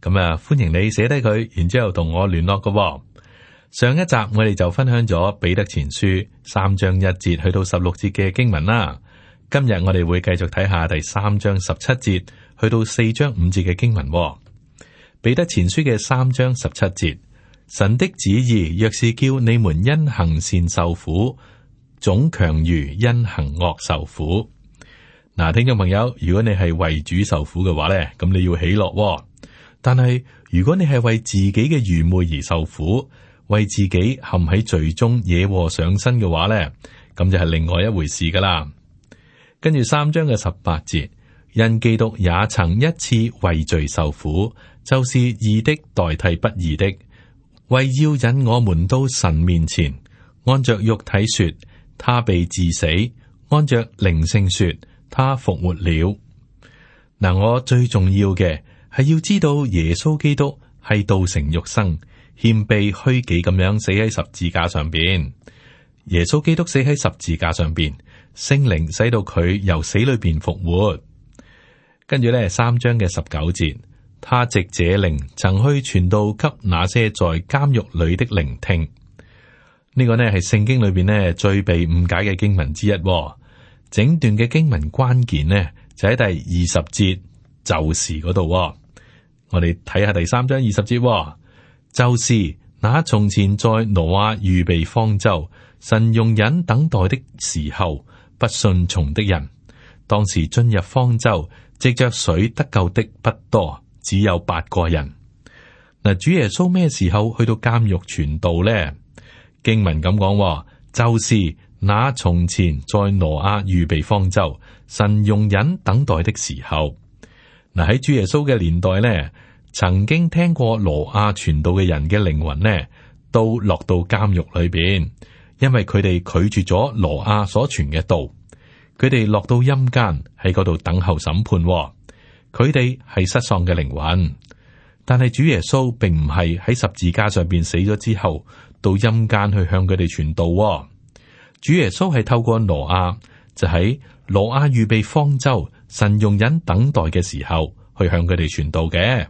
咁啊，歡迎你寫低佢，然之後同我聯絡㗎喎。上一集我哋就分享咗彼得前書三章一節去到十六節嘅經文啦。今日我哋會繼續睇下第三章十七節去到，到四章五節嘅經文喎。彼得前書嘅三章十七節，神的旨意若是叫你們因行善受苦，總強如因行惡受苦。嗱，聽眾朋友，如果你係為主受苦嘅話咧，咁你要喜樂喎。但係如果你係為自己嘅愚昧而受苦，為自己陷喺罪中惹禍上身嘅話呢，咁就係另外一回事噶啦。跟住三章嘅十八節，因基督也曾一次為罪受苦，就是義的代替不義的，為要引我們到神面前。按着肉體說，他被治死；按着靈性說，他復活了。嗱、嗯，我最重要嘅。係要知道耶穌基督係道成肉身，謙卑虛己咁樣死喺十字架上邊。耶穌基督死喺十字架上邊，聖靈使到佢由死裏邊復活。跟住咧，三章嘅十九節，他藉者靈曾去傳道給那些在監獄裏的聆聽。呢個呢係聖經裏邊呢最被誤解嘅經文之一。整段嘅經文關鍵呢就喺第二十節，就是嗰度。我哋睇下第三章二十節、哦，就是那從前在挪亞預備方舟、神容忍等待的時候，不順從的人，當時進入方舟藉着水得救的不多，只有八個人。嗱，主耶穌咩時候去到監獄傳道咧？經文咁講，就是那從前在挪亞預備方舟、神容忍等待的時候。嗱，喺主耶穌嘅年代咧，曾經聽過羅亞傳道嘅人嘅靈魂咧，都落到監獄裏邊，因為佢哋拒絕咗羅亞所傳嘅道，佢哋落到陰間喺嗰度等候審判。佢哋係失喪嘅靈魂，但係主耶穌並唔係喺十字架上邊死咗之後，到陰間去向佢哋傳道。主耶穌係透過羅亞，就喺羅亞預備方舟。神容忍等待嘅時候，去向佢哋傳道嘅。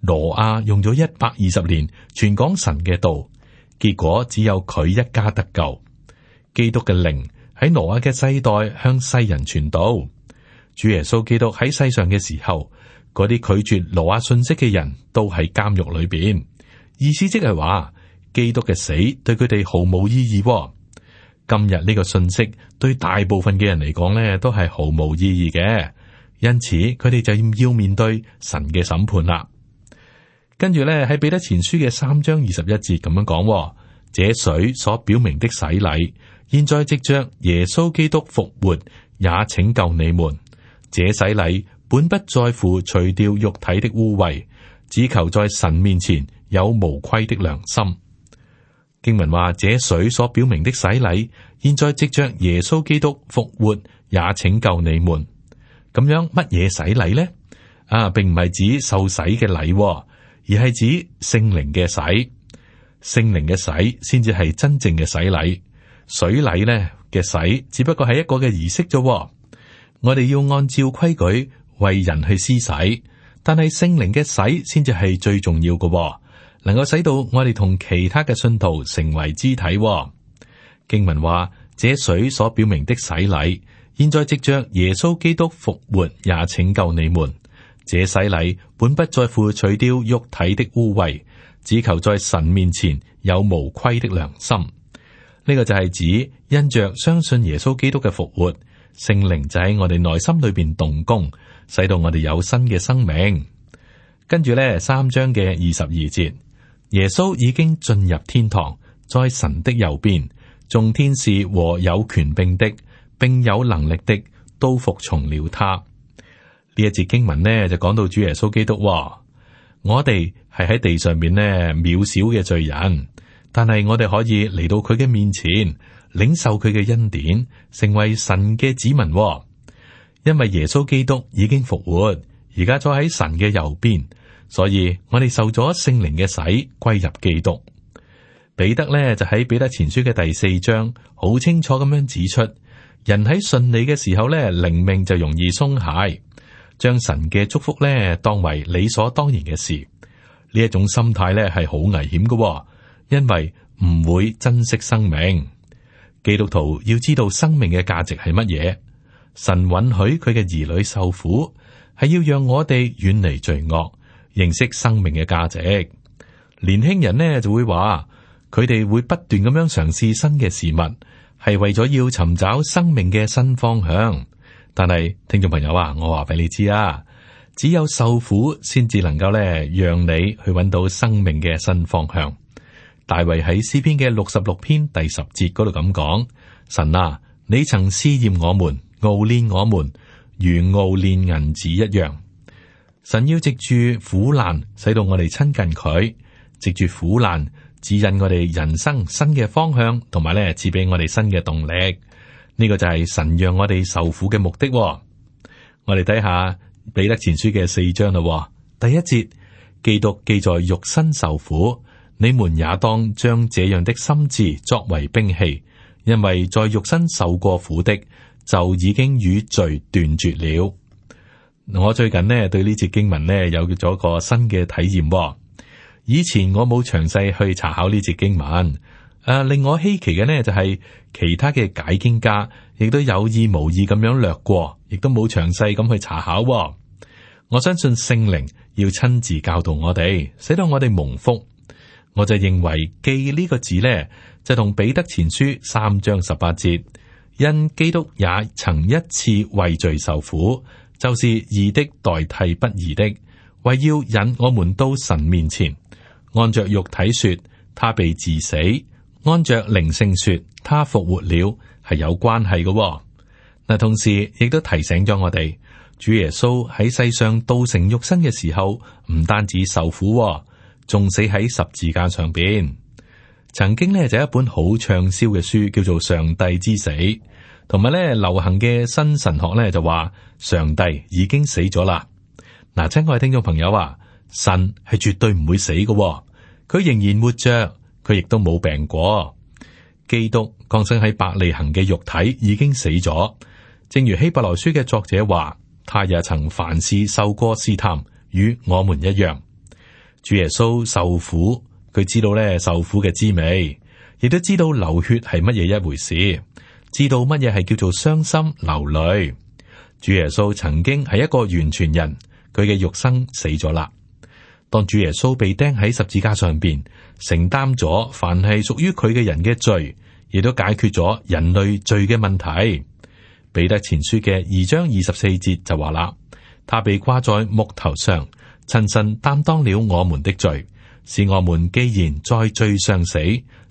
挪亞用咗一百二十年傳講神嘅道，結果只有佢一家得救。基督嘅靈喺挪亞嘅世代向世人傳道。主耶穌基督喺世上嘅時候，嗰啲拒絕挪亞信息嘅人都喺監獄裏邊。意思即係話，基督嘅死對佢哋毫無意義哦。今日呢個信息對大部分嘅人嚟講呢，都係毫無意義嘅，因此佢哋就要面對神嘅審判啦。跟住呢，喺彼得前書嘅三章二十一節咁樣講：這水所表明的洗禮，現在藉着耶穌基督復活，也拯救你們。這洗禮本不在乎除掉肉體的污穢，只求在神面前有無愧的良心。經文話：這水所表明的洗禮，現在藉着耶穌基督復活，也拯救你們。咁樣乜嘢洗禮呢？啊，並唔係指受洗嘅禮，而係指聖靈嘅洗。聖靈嘅洗先至係真正嘅洗禮。水禮呢嘅洗，只不過係一個嘅儀式啫。我哋要按照規矩為人去施洗，但係聖靈嘅洗先至係最重要嘅。能夠使到我哋同其他嘅信徒成為肢體，哦。經文話：，這水所表明的洗禮，現在藉着耶穌基督復活，也拯救你們。這洗禮本不在乎取掉肉體的污穢，只求在神面前有無虧的良心。呢、這個就係指因着相信耶穌基督嘅復活，聖靈就喺我哋內心裏邊動工，使到我哋有新嘅生命。跟住呢，三章嘅二十二節。耶穌已經進入天堂，在神的右邊，眾天使和有權柄的、並有能力的都服從了他。呢一節經文呢就講到主耶穌基督，我哋係喺地上面呢渺小嘅罪人，但係我哋可以嚟到佢嘅面前，領受佢嘅恩典，成為神嘅子民。因為耶穌基督已經復活，而家再喺神嘅右邊。所以我哋受咗聖靈嘅洗，歸入基督。彼得呢，就喺彼得前書嘅第四章，好清楚咁樣指出，人喺順利嘅時候呢，靈命就容易鬆懈，將神嘅祝福呢當為理所當然嘅事。呢一種心態呢係好危險噶，因為唔會珍惜生命。基督徒要知道生命嘅價值係乜嘢。神允許佢嘅兒女受苦，係要讓我哋遠離罪惡。認識生命嘅價值，年輕人呢就會話，佢哋會不斷咁樣嘗試新嘅事物，係為咗要尋找生命嘅新方向。但係聽眾朋友啊，我話俾你知啊，只有受苦先至能夠呢，讓你去揾到生命嘅新方向。大衛喺詩篇嘅六十六篇第十節嗰度咁講：神啊，你曾試驗我們，熬煉我們，如熬煉銀子一樣。神要藉住苦難，使到我哋親近佢；藉住苦難，指引我哋人生新嘅方向，同埋咧賜俾我哋新嘅動力。呢、這個就係神讓我哋受苦嘅目的。我哋睇下彼得前書嘅四章嘞，第一節，基督既在肉身受苦，你們也當將這樣的心志作為兵器，因為在肉身受過苦的，就已經與罪斷絕了。我最近呢對呢節經文呢有咗個新嘅體驗。以前我冇詳細去查考呢節經文。啊，令我稀奇嘅呢就係其他嘅解經家亦都有意無意咁樣略過，亦都冇詳細咁去查考。我相信聖靈要親自教導我哋，使到我哋蒙福。我就認為記呢個字呢就同彼得前書三章十八節，因基督也曾一次為罪受苦。就是義的代替不義的，為要引我們到神面前。按着肉體說，他被治死；按着靈性說，他復活了，係有關係嘅。嗱，同時亦都提醒咗我哋，主耶穌喺世上道成肉身嘅時候，唔單止受苦、哦，仲死喺十字架上邊。曾經呢就一本好暢銷嘅書，叫做《上帝之死》。同埋咧，流行嘅新神學咧就話上帝已經死咗啦。嗱，親愛嘅聽眾朋友啊，神係絕對唔會死嘅，佢仍然活着，佢亦都冇病過。基督降生喺伯利恆嘅肉體已經死咗，正如希伯來書嘅作者話，他也曾凡事受過試探，與我們一樣。主耶穌受苦，佢知道咧受苦嘅滋味，亦都知道流血係乜嘢一回事。知道乜嘢係叫做傷心流淚？主耶穌曾經係一個完全人，佢嘅肉身死咗啦。當主耶穌被釘喺十字架上邊，承擔咗凡係屬於佢嘅人嘅罪，亦都解決咗人類罪嘅問題。彼得前書嘅二章二十四節就話啦：，他被掛在木頭上，親身擔當了我們的罪，使我們既然在罪上死，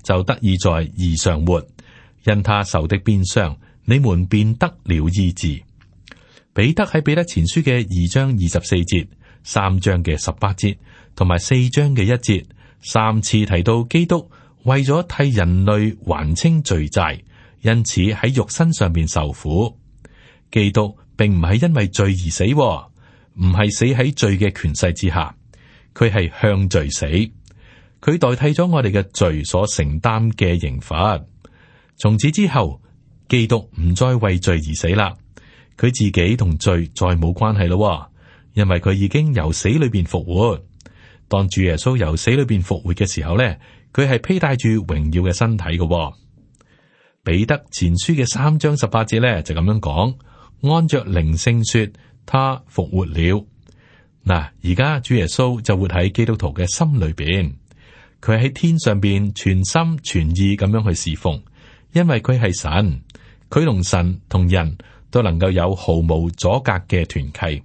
就得以在義上活。因他受的鞭傷，你們便得了醫治。彼得喺彼得前書嘅二章二十四節、三章嘅十八節，同埋四章嘅一節，三次提到基督為咗替人類還清罪債，因此喺肉身上面受苦。基督並唔係因為罪而死，唔係死喺罪嘅權勢之下，佢係向罪死，佢代替咗我哋嘅罪所承擔嘅刑罰。從此之後，基督唔再為罪而死啦。佢自己同罪再冇關係咯，因為佢已經由死裏邊復活。當主耶穌由死裏邊復活嘅時候咧，佢係披戴住榮耀嘅身體噶。彼得前書嘅三章十八節咧就咁樣講：按着靈性說，他復活了。嗱，而家主耶穌就活喺基督徒嘅心裏邊，佢喺天上邊全心全意咁樣去侍奉。因為佢係神，佢同神同人都能夠有毫無阻隔嘅團契。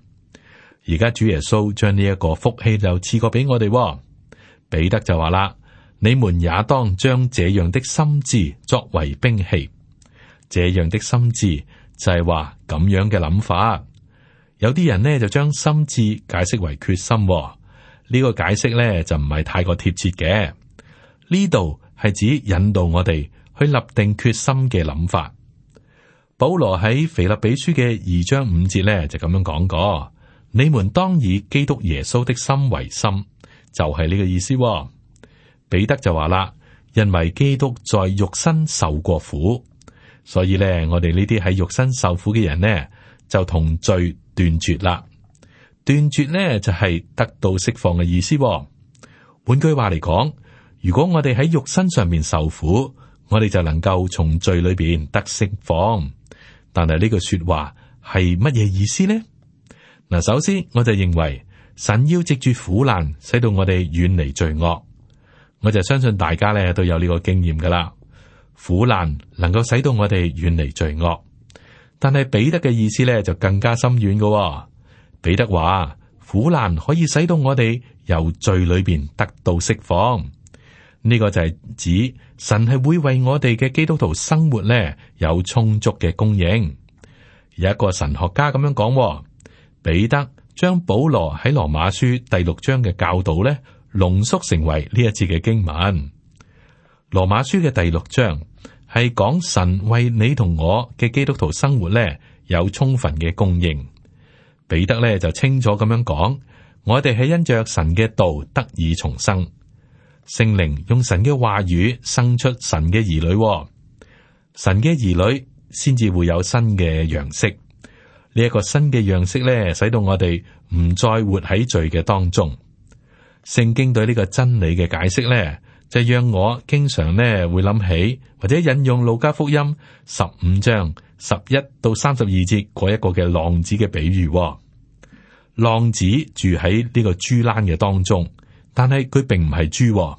而家主耶穌將呢一個福氣就賜過俾我哋。彼得就話啦：你們也當將這樣的心志作為兵器。這樣的心志，就係話咁樣嘅諗法。有啲人呢就將心志解釋為決心，呢、呢個解釋呢就唔係太過貼切嘅。呢度係指引導我哋。佢立定決心嘅諗法。保羅喺《腓立比書》嘅二章五節咧，就咁樣講過：你們當以基督耶穌的心為心，就係呢個意思。彼得就話啦，因為基督在肉身受過苦，所以咧，我哋呢啲喺肉身受苦嘅人呢，就同罪斷絕啦。斷絕呢，就係得到釋放嘅意思。換句話嚟講，如果我哋喺肉身上面受苦。我哋就能夠從罪裏邊得釋放，但係呢句說話係乜嘢意思呢？嗱，首先我就認為神要藉住苦難使到我哋遠離罪惡，我就相信大家咧都有呢個經驗噶啦。苦難能夠使到我哋遠離罪惡，但係彼得嘅意思咧就更加深遠噶喎。彼得話苦難可以使到我哋由罪裏邊得到釋放。呢個就係指神係會為我哋嘅基督徒生活呢，有充足嘅供應。有一個神學家咁樣講，哦，彼得將保羅喺羅馬書第六章嘅教導呢，濃縮成為呢一次嘅經文。羅馬書嘅第六章係講神為你同我嘅基督徒生活呢，有充分嘅供應。彼得呢就清楚咁樣講，我哋係因着神嘅道得以重生。聖靈用神嘅話語生出神嘅兒女，神嘅兒女先至會有新嘅樣式。呢、這、一個新嘅樣式咧，使到我哋唔再活喺罪嘅當中。聖經對呢個真理嘅解釋咧，就是、讓我經常咧會諗起或者引用路加福音十五章十一到三十二節嗰一個嘅浪子嘅比喻。浪子住喺呢個豬欄嘅當中。但係佢並唔係豬，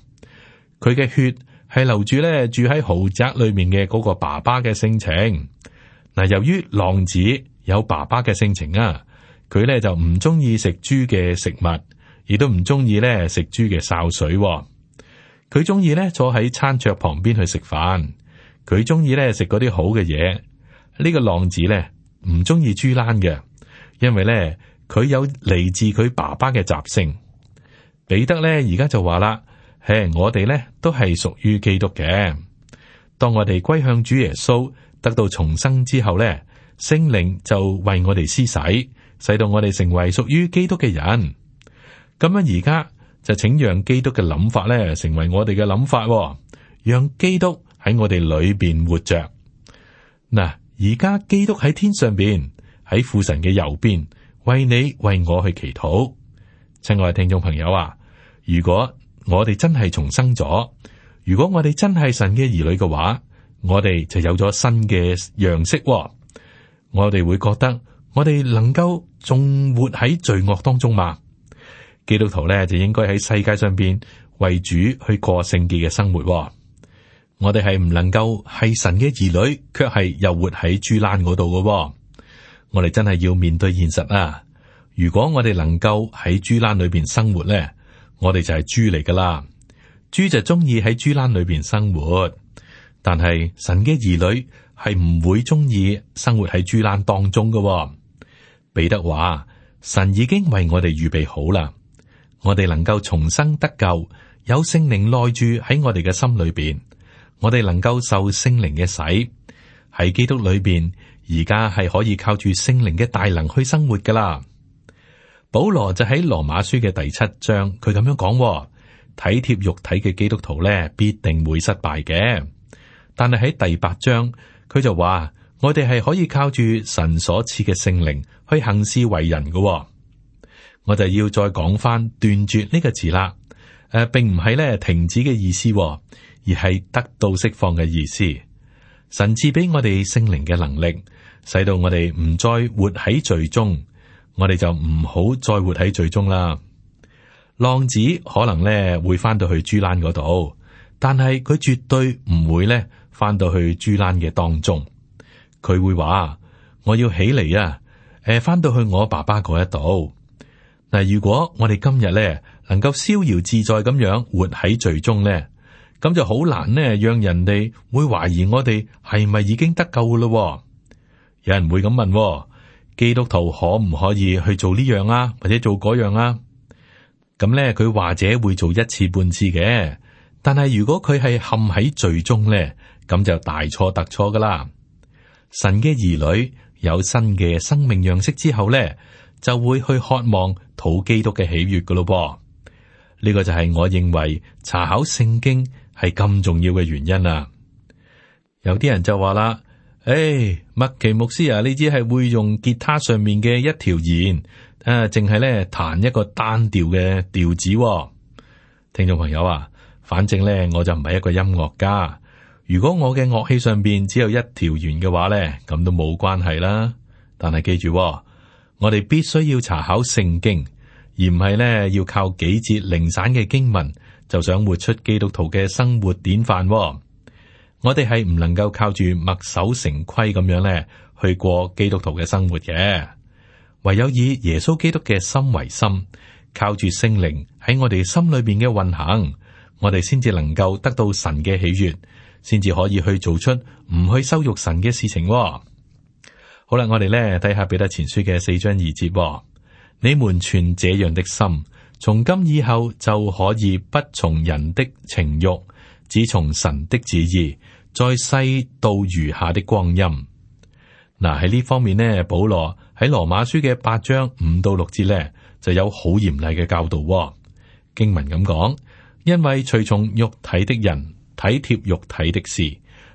佢嘅血係留住咧住喺豪宅裏面嘅嗰個爸爸嘅性情。嗱，由於浪子有爸爸嘅性情啊，佢咧就唔中意食豬嘅食物，亦都唔中意咧食豬嘅潲水。佢中意咧坐喺餐桌旁邊去食飯，佢中意咧食嗰啲好嘅嘢。呢個浪子咧唔中意豬欄嘅，因為咧佢有嚟自佢爸爸嘅習性。彼得咧，而家就話啦：嘿，我哋咧都係屬於基督嘅。當我哋歸向主耶穌，得到重生之後咧，聖靈就為我哋施洗，使到我哋成為屬於基督嘅人。咁樣而家就請讓基督嘅諗法咧，成為我哋嘅諗法，哦，讓基督喺我哋裏邊活着。嗱，而家基督喺天上邊，喺父神嘅右邊，為你，為我去祈禱。親愛聽眾朋友啊！如果我哋真係重生咗，如果我哋真係神嘅兒女嘅話，我哋就有咗新嘅樣式。我哋會覺得我哋能夠仲活喺罪惡當中嘛？基督徒咧就應該喺世界上邊為主去過聖潔嘅生活喎。我哋係唔能夠係神嘅兒女，卻係又活喺豬欄嗰度嘅。我哋真係要面對現實啊！如果我哋能夠喺豬欄裏邊生活咧。我哋就係豬嚟噶啦，豬就中意喺豬欄裏邊生活，但係神嘅兒女係唔會中意生活喺豬欄當中噶喎。彼得話：神已經為我哋預備好啦，我哋能夠重生得救，有聖靈內住喺我哋嘅心裏邊，我哋能夠受聖靈嘅洗，喺基督裏邊，而家係可以靠住聖靈嘅大能去生活噶啦。保羅就喺羅馬書嘅第七章，佢咁樣講、哦，體貼肉體嘅基督徒咧，必定會失敗嘅。但係喺第八章，佢就話，我哋係可以靠住神所賜嘅聖靈去行事為人嘅、哦。我就要再講翻斷絕呢個詞啦。誒、啊，並唔係咧停止嘅意思、哦，而係得到釋放嘅意思。神賜俾我哋聖靈嘅能力，使到我哋唔再活喺罪中。我哋就唔好再活喺罪中啦，浪子可能咧會翻到去豬欄嗰度，但係佢絕對唔會咧翻到去豬欄嘅當中。佢會話：我要起嚟啊，誒、呃，翻到去我爸爸嗰一度。嗱，如果我哋今日咧能夠逍遙自在咁樣活喺罪中咧，咁就好難咧，讓人哋會懷疑我哋係咪已經得救咯？有人會咁問。基督徒可唔可以去做呢樣啊，或者做嗰樣啊？咁咧，佢或者會做一次半次嘅。但係如果佢係陷喺罪中咧，咁就大錯特錯噶啦。神嘅兒女有新嘅生命樣式之後咧，就會去渴望討基督嘅喜悅噶咯噃。呢個就係我認為查考聖經係咁重要嘅原因啊，有啲人就話啦。誒，hey, 麥奇牧師啊，呢啲係會用吉他上面嘅一條弦，誒、呃，淨係咧彈一個單調嘅調子，哦。聽眾朋友啊，反正咧我就唔係一個音樂家，如果我嘅樂器上邊只有一條弦嘅話咧，咁都冇關係啦。但係記住，哦，我哋必須要查考聖經，而唔係咧要靠幾節零散嘅經文就想活出基督徒嘅生活典範，哦。我哋係唔能夠靠住墨守成規咁樣咧，去過基督徒嘅生活嘅，唯有以耶穌基督嘅心為心，靠住聖靈喺我哋心裏邊嘅運行，我哋先至能夠得到神嘅喜悅，先至可以去做出唔去羞辱神嘅事情哦。好啦，我哋咧睇下彼得前書嘅四章二節哦：你們存這樣的心，從今以後就可以不從人的情慾，只從神的旨意。在世度餘下的光陰，嗱喺呢方面呢，保羅喺羅馬書嘅八章五到六節咧，就有好嚴厲嘅教導、哦。經文咁講，因為隨從肉體的人體貼肉體的事，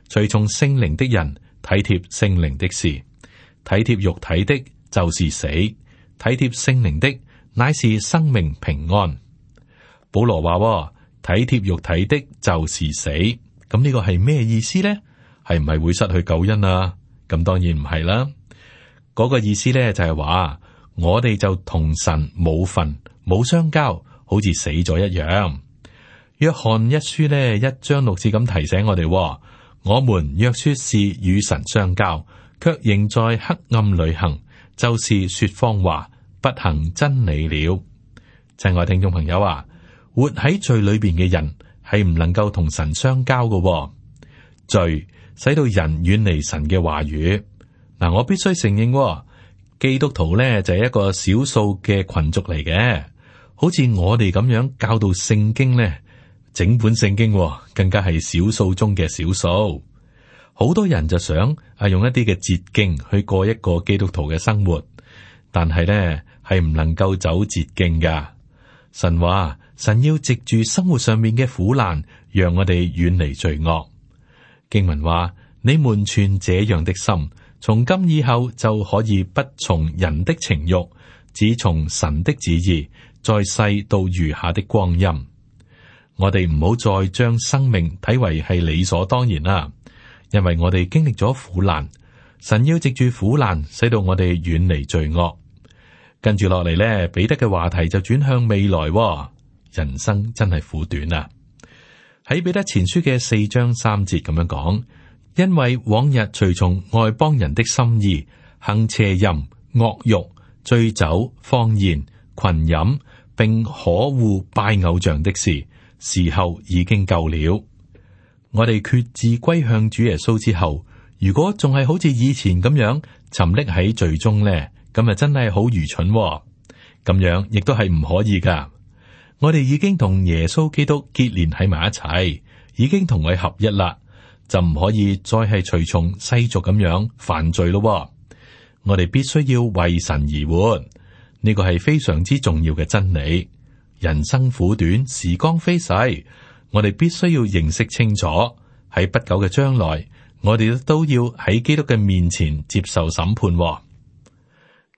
隨從聖靈的人體貼聖靈的事。體貼肉體的，就是死；體貼聖靈的，乃是生命平安。保羅話、哦：體貼肉體的，就是死。咁呢個係咩意思呢？係唔係會失去救恩啊？咁當然唔係啦。嗰、那個意思咧就係話，我哋就同神冇份、冇相交，好似死咗一樣。約翰一書呢，一章六節咁提醒我哋：我們若說是與神相交，卻仍在黑暗裡行，就是說謊話，不行真理了。親愛聽眾朋友啊，活喺罪裏邊嘅人。係唔能夠同神相交嘅。哦、罪，使到人遠離神嘅話語。嗱、啊，我必須承認，哦，基督徒咧就係、是、一個少數嘅群族嚟嘅，好似我哋咁樣教導聖經咧，整本聖經、哦、更加係少數中嘅少數。好多人就想啊，用一啲嘅捷徑去過一個基督徒嘅生活，但係咧係唔能夠走捷徑噶。神話。神要藉住生活上面嘅苦難，讓我哋遠離罪惡。經文話：你們存這樣的心，從今以後就可以不從人的情欲，只從神的旨意，在世度餘下的光陰。我哋唔好再將生命睇為係理所當然啦，因為我哋經歷咗苦難，神要藉住苦難，使到我哋遠離罪惡。跟住落嚟呢，彼得嘅話題就轉向未來。人生真係苦短啊！喺彼得前書嘅四章三節咁樣講，因為往日隨從外邦人的心意，行邪淫、惡欲、醉酒、荒宴、群飲，並可惡拜偶像的事，時候已經夠了。我哋決志歸向主耶穌之後，如果仲係好似以前咁樣沉溺喺罪中呢，咁啊真係好愚蠢，啊，咁樣亦都係唔可以噶。我哋已經同耶穌基督結連喺埋一齊，已經同佢合一啦，就唔可以再係隨從世俗咁樣犯罪咯。我哋必須要為神而活，呢個係非常之重要嘅真理。人生苦短，時光飛逝，我哋必須要認識清楚，喺不久嘅將來，我哋都要喺基督嘅面前接受審判。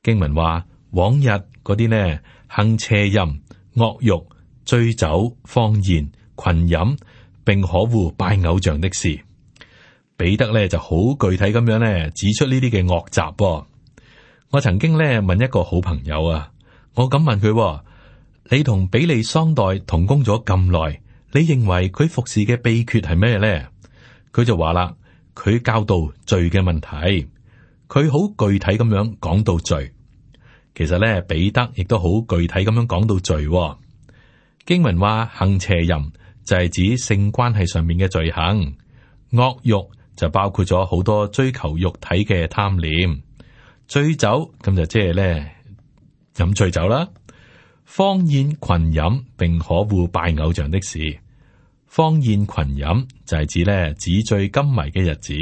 經文話：往日嗰啲呢，行邪淫、惡欲。醉酒、荒宴、群飲，並可惡拜偶像的事，彼得咧就好具體咁樣咧指出呢啲嘅惡習。我曾經咧問一個好朋友啊，我咁問佢：你同比利桑代同工咗咁耐，你認為佢服侍嘅秘訣係咩咧？佢就話啦，佢教導罪嘅問題，佢好具體咁樣講到罪。其實咧，彼得亦都好具體咁樣講到罪。經文話，行邪淫就係指性關係上面嘅罪行，惡欲就包括咗好多追求肉體嘅貪念，醉酒咁就即係咧飲醉酒啦。方宴群飲並可惡拜偶像的事，方宴群飲就係指咧紙醉金迷嘅日子，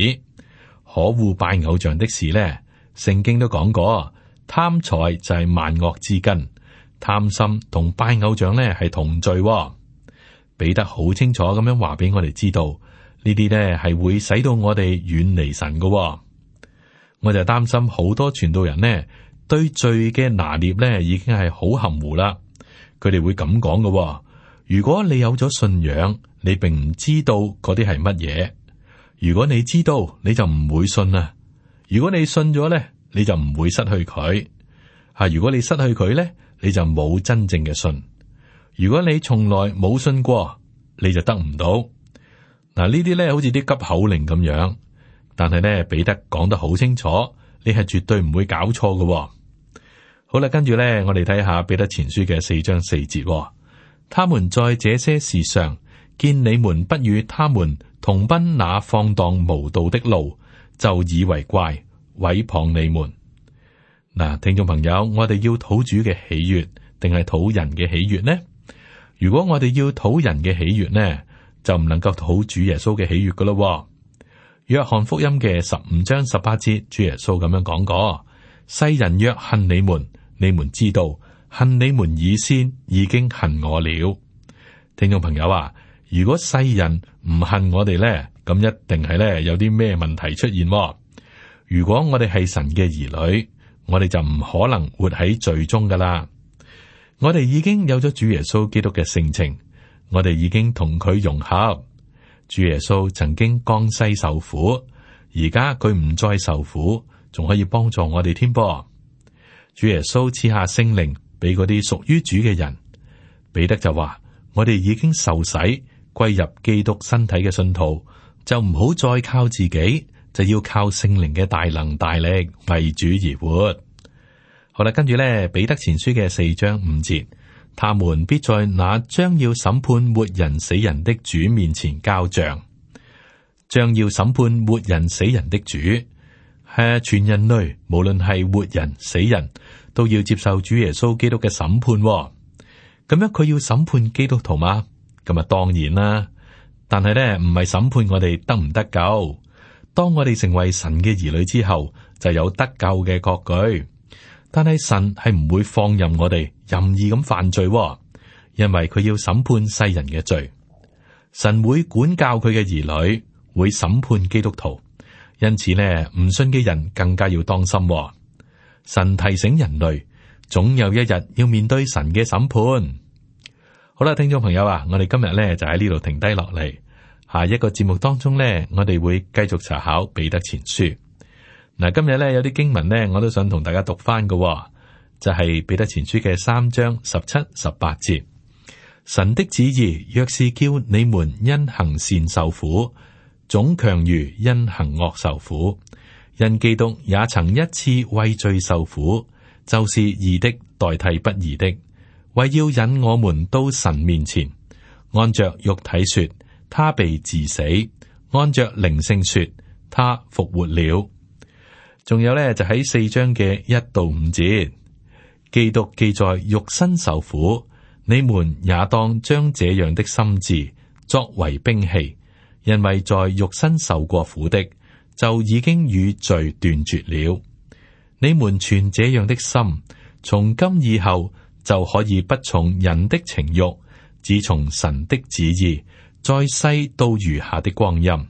可惡拜偶像的事咧，聖經都講過貪財就係萬惡之根。貪心同拜偶像呢係同罪喎，彼得好清楚咁樣話俾我哋知道，呢啲呢係會使到我哋遠離神噶喎。我就擔心好多傳道人呢，對罪嘅拿捏呢已經係好含糊啦。佢哋會咁講噶：如果你有咗信仰，你並唔知道嗰啲係乜嘢；如果你知道，你就唔會信啦。如果你信咗呢，你就唔會失去佢吓。如果你失去佢呢，你就冇真正嘅信。如果你從來冇信過，你就得唔到。嗱，呢啲咧好似啲急口令咁樣，但係咧彼得講得好清楚，你係絕對唔會搞錯嘅喎。好啦，跟住咧，我哋睇下彼得前書嘅四章四節喎。他們在這些事上見你們不與他們同奔那放蕩無道的路，就以為怪，毀謗你們。嗱，聽眾朋友，我哋要討主嘅喜悅，定係討人嘅喜悅呢？如果我哋要討人嘅喜悅呢，就唔能夠討主耶穌嘅喜悅噶咯。約翰福音嘅十五章十八節，主耶穌咁樣講過：「世人若恨你們，你們知道，恨你們以先，已經恨我了。聽眾朋友啊，如果世人唔恨我哋呢，咁一定係咧有啲咩問題出現。如果我哋係神嘅兒女，我哋就唔可能活喺罪中噶啦，我哋已經有咗主耶穌基督嘅性情，我哋已經同佢融合。主耶穌曾經江西受苦，而家佢唔再受苦，仲可以幫助我哋添噃，主耶穌賜下聖靈俾嗰啲屬於主嘅人，彼得就話：我哋已經受洗歸入基督身體嘅信徒，就唔好再靠自己。就要靠聖靈嘅大能大力為主而活。好啦，跟住咧，彼得前書嘅四章五節，他們必在那將要審判活人死人的主面前交賬。將要審判活人死人的主係全人類，無論係活人死人，都要接受主耶穌基督嘅審判喎。咁樣佢要審判基督徒嘛？咁啊，當然啦。但係咧，唔係審判我哋得唔得救？當我哋成為神嘅兒女之後，就有得救嘅確據。但係神係唔會放任我哋任意咁犯罪，哦，因為佢要審判世人嘅罪。神會管教佢嘅兒女，會審判基督徒。因此呢，唔信嘅人更加要當心，哦。神提醒人類，總有一日要面對神嘅審判。好啦，聽眾朋友啊，我哋今日咧就喺呢度停低落嚟。下一個節目當中呢，我哋會繼續查考彼得前書。嗱，今日呢，有啲經文呢，我都想同大家讀翻嘅、哦，就係、是、彼得前書嘅三章十七、十八節。神的旨意若是叫你們因行善受苦，總強如因行惡受苦。因基督也曾一次為罪受苦，就是義的代替不義的，為要引我們到神面前，按着肉體說。他被治死，按着靈性說：他復活了。仲有咧，就喺四章嘅一到五節，基督既在肉身受苦，你們也當將這樣的心志作為兵器，因為在肉身受過苦的就已經與罪斷絕了。你們存這樣的心，從今以後就可以不從人的情欲，只從神的旨意，在世度餘下的光陰，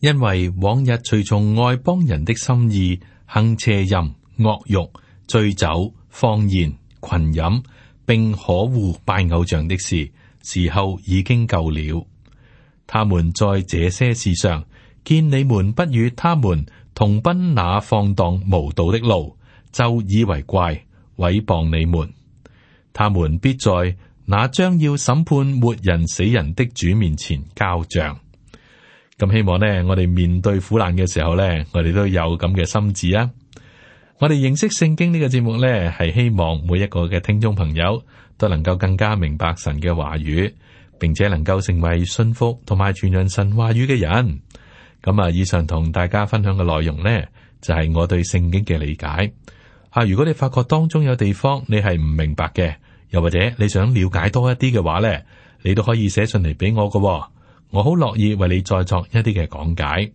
因為往日隨從外邦人的心意，行邪淫、惡欲、醉酒、放言、群飲，並可惡拜偶像的事，時候已經夠了。他們在這些事上見你們不與他們同奔那放蕩無道的路，就以為怪，毀謗你們。他們必在，那將要審判活人死人的主面前交賬，咁希望呢，我哋面對苦難嘅時候呢，我哋都有咁嘅心智啊！我哋認識聖經呢、這個節目呢，係希望每一個嘅聽眾朋友都能夠更加明白神嘅話語，並且能夠成為信服同埋傳揚神話語嘅人。咁啊，以上同大家分享嘅內容呢，就係、是、我對聖經嘅理解。啊，如果你發覺當中有地方你係唔明白嘅。又或者你想了解多一啲嘅話咧，你都可以寫信嚟俾我嘅，我好樂意為你再作一啲嘅講解。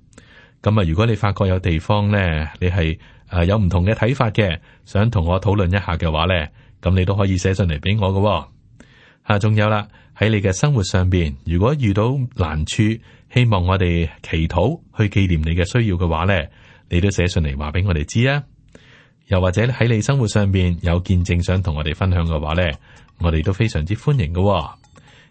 咁啊，如果你發覺有地方咧，你係誒有唔同嘅睇法嘅，想同我討論一下嘅話咧，咁你都可以寫信嚟俾我嘅。啊，仲有啦，喺你嘅生活上邊，如果遇到難處，希望我哋祈禱去紀念你嘅需要嘅話咧，你都寫信嚟話俾我哋知啊。又或者喺你生活上邊有見證想同我哋分享嘅話呢，我哋都非常之歡迎嘅，哦。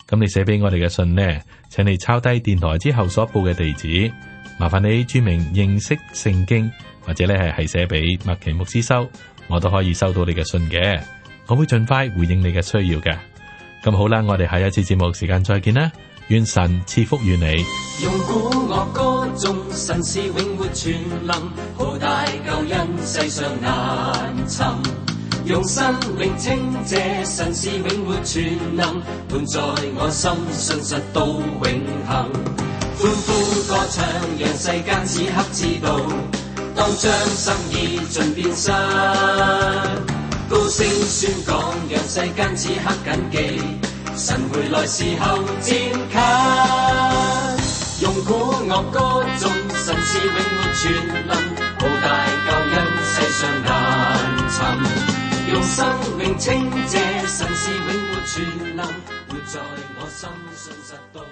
咁你寫俾我哋嘅信呢,請你抄低電台之後所報嘅地址，麻煩你注明認識聖經，或者咧係係寫俾麥奇牧師收，我都可以收到你嘅信嘅。我會盡快回應你嘅需要嘅。咁好啦，我哋下一次節目時間再見啦。願神賜福於你，用古我歌頌神是永活全能，好大救恩世上難尋。用心聆聽這神是永活全能，伴在我心信實到永恒。歡呼歌唱，讓世間此刻知道，當將心意盡變身。高聲宣講，讓世間此刻緊記。神回來時候漸近，用鼓樂歌頌，神是永活全能，好大救恩世上難尋，用生命稱謝神是永活全能，活在我心上實到。